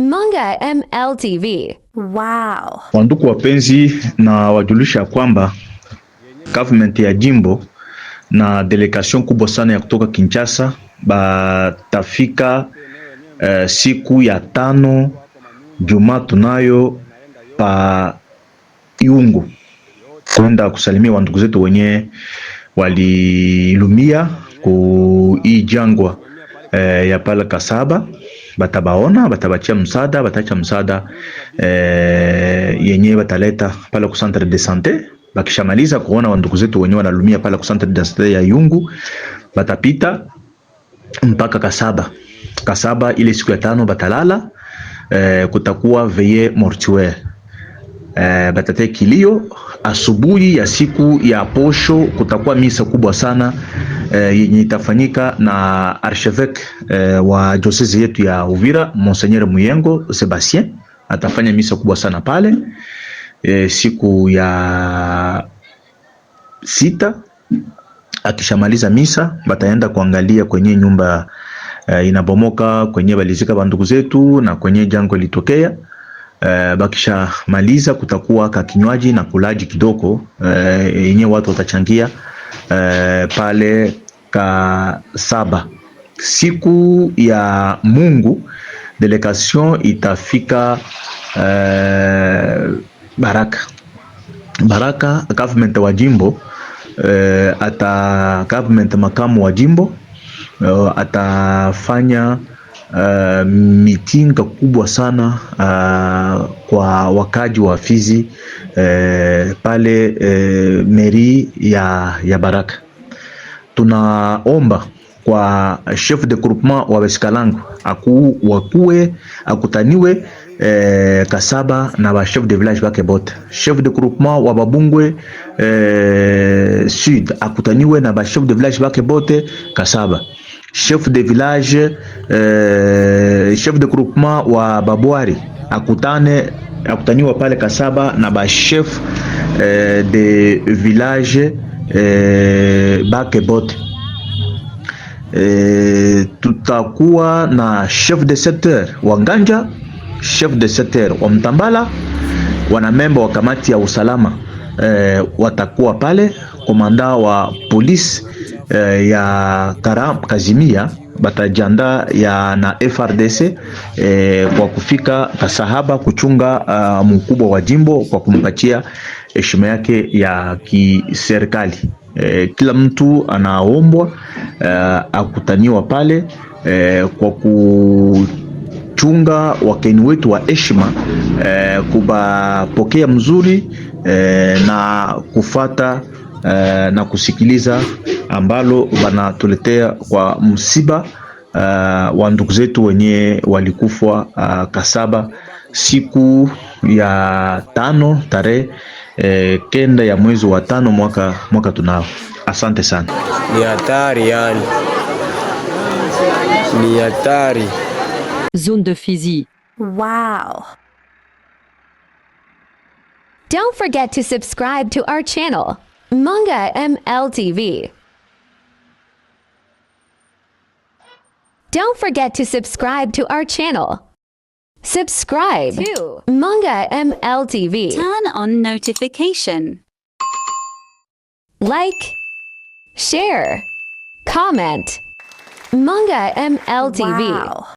Manga MLTV. Wow. Wanduku wapenzi, na wajulisha kwamba government ya jimbo na delegation kubwa sana ya kutoka Kinshasa batafika uh, siku ya tano Jumaa tunayo pa Iungu kwenda kusalimia wandugu zetu wenye walilumia ku hii jangwa eh, ya pala Kasaba batabaona, batabachia msaada, batacha msaada eh, yenye bataleta pale ku centre de santé Bakishamaliza kuona wandugu zetu wenyewe wanalumia pale ku centre de santé ya Yungu, batapita mpaka Kasaba. Kasaba ile siku ya tano batalala eh, kutakuwa veye mortuaire eh, batate kilio. Asubuhi ya siku ya posho kutakuwa misa kubwa sana. Eh, yenye itafanyika na archevêque eh, wa diocese yetu ya Uvira Monseigneur Muyengo Sebastien atafanya misa kubwa sana pale e, siku ya sita. Akishamaliza misa bataenda kuangalia kwenye nyumba e, inabomoka kwenye balizika bandugu zetu na kwenye jango litokea e, bakishamaliza kutakuwa kakinywaji na kulaji kidogo yenye e, watu watachangia Eh, pale ka saba siku ya Mungu delegation itafika eh, Baraka Baraka government wa jimbo eh, ata government makamu wa jimbo eh, atafanya uh, mitinga kubwa sana uh, kwa wakaji wa Fizi uh, pale uh, meri ya, ya Baraka. Tunaomba kwa chef de groupement wa Beskalangu aku wakuwe akutaniwe E, Kasaba na ba chef de village bake bote, chef de groupement wa Babungwe e, sud akutaniwe na ba chef de village bake bote Kasaba chef de village eh, chef de groupement wa Babwari akutane akutaniwa pale Kasaba na ba chef eh, de village eh, Bakebot eh, tutakuwa na chef de secteur wa Nganja, chef de secteur wa Mtambala, wana memba wa kamati ya usalama eh, watakuwa pale, komanda wa polisi eh, ya Karam, Kazimia batajanda ya na FRDC eh, kwa kufika Kasahaba kuchunga uh, mkubwa wa jimbo kwa kumpatia heshima yake ya kiserikali. Eh, kila mtu anaombwa eh, akutaniwa pale eh, kwa ku chunga wakeni wetu wa heshima eh, kubapokea mzuri eh, na kufata Eh, na kusikiliza ambalo banatuletea kwa msiba uh, wa ndugu zetu wenye walikufwa uh, eh, Kasaba siku ya tano tarehe eh, kenda ya mwezi wa tano mwaka, mwaka tunao. Asante sana. Ni hatari yani, ni hatari zone de Fizi. Wow. Don't forget to subscribe to our channel. Manga MLTV. Don't forget to subscribe to our channel. Subscribe to Manga MLTV. Turn on notification. Like, share, comment. Manga MLTV. Wow.